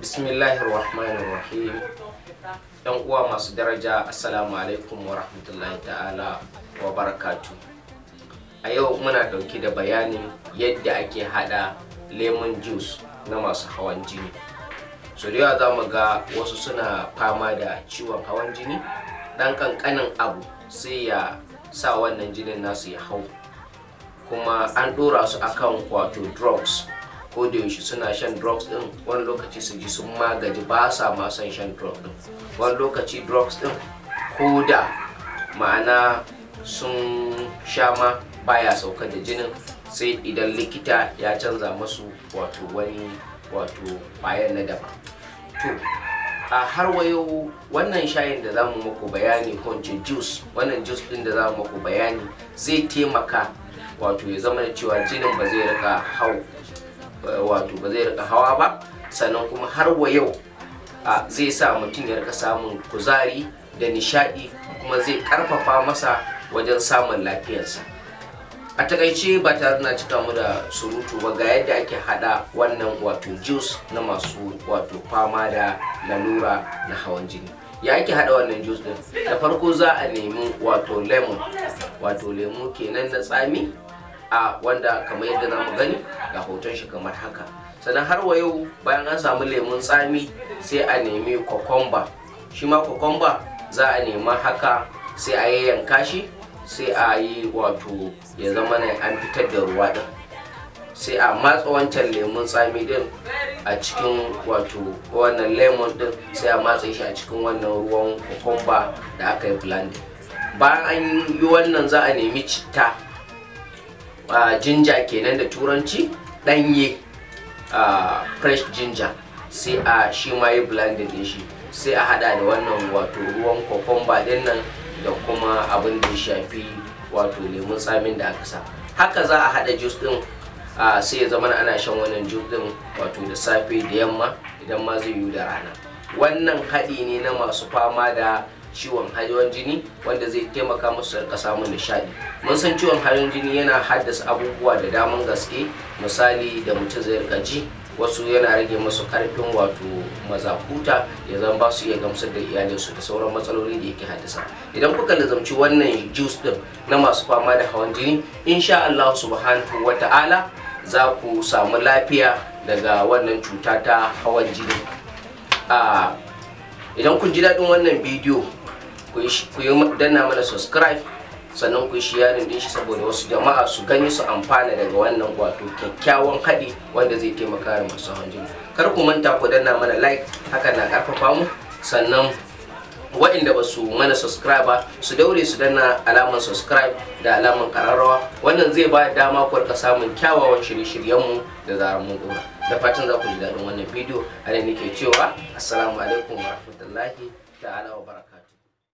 bismillahirrahmanirrahim rahmanir yan uwa masu daraja assalamu alaikum wa rahmatullahi ta'ala wa barakatu a yau muna dauki da bayanin yadda ake hada lemon juice na masu hawan jini so da yawa za mu ga wasu suna fama da ciwon hawan jini dan kankanin abu sai ya sa wannan jinin nasu ya hau kuma an dora su akan wato drugs ko da yaushe suna shan drugs din wani lokaci su ji sun magaji ba sa ma son shan drugs din wani lokaci drugs din ko da ma'ana sun sha ma baya sauka da jinin sai idan likita ya canza masu wato wani wato bayan na daba to a har wayo wannan shayin da zamu muku bayani ko juice wannan juice din da zamu muku bayani zai taimaka wato ya zama da cewa jinin ba zai rika hau Eh, wato ba zai rika hawa ba sannan kuma har wa yau zai sa mutum ya rika samun kuzari da nishadi kuma zai karfafa masa wajen samun lafiyarsa a takaice ba tare na cika mu da surutu ba ga yadda ake hada wannan wato juice na masu wato fama da lalura na hawan jini ya ake hada wannan juice din da farko za a nemi wato lemon wato lemu kenan na tsami a wanda kamar yadda za mu gani ga hoton shi kamar haka sannan har wa yau bayan an samu lemun tsami sai a nemi kokomba shi ma kokomba za a nema haka sai a yayyanka shi sai a yi wato ya zama ne an fitar da ruwa din sai a matsa wancan lemun tsami din a cikin wato wannan lemon din sai a matsa shi a cikin wannan ruwan kokomba da aka yi blending bayan an yi wannan za a nemi citta jinja ah, kenan da turanci ɗanye ah, fresh ginger sai a shi ma yi blending din shi sai a hada da wannan wato ruwan kokomba din nan da kuma abin da ya shafi wato lemun tsamin da aka sa haka za a hada juice din ah, sai ya zama ana shan wannan juice din wato da safe da yamma idan ma zai yi da rana wannan haɗi ne na masu fama da ciwon hawan jini wanda zai taimaka musu da rika samun nishaɗi mun san ciwon hawan jini yana haddasa abubuwa da daman gaske misali da mutum zai rika wasu yana rage musu karfin wato mazakuta ya zan ba su iya gamsar da iyalinsu da sauran matsaloli da yake haddasa idan kuka lazamci wannan juice din na masu fama da hawan jini insha Allah subhanahu wata'ala za ku samu lafiya daga wannan cuta ta hawan jini ah, idan kun ji daɗin wannan bidiyo ku danna mana subscribe sannan ku shi yarin din shi saboda wasu jama'a su gani su amfana daga wannan wato kyakkyawan haɗi wanda zai taimaka da masu hanjin kar ku manta ku danna mana like haka na karfafa mu sannan waɗanda ba su mana subscribe su daure su danna alamar subscribe da alamar kararrawa wannan zai ba dama ku rika samun kyawawan shirye shiryen mu da zarar mun dora da fatan za ku ji daɗin wannan bidiyo a nake cewa assalamu alaikum warahmatullahi ta'ala wa baraka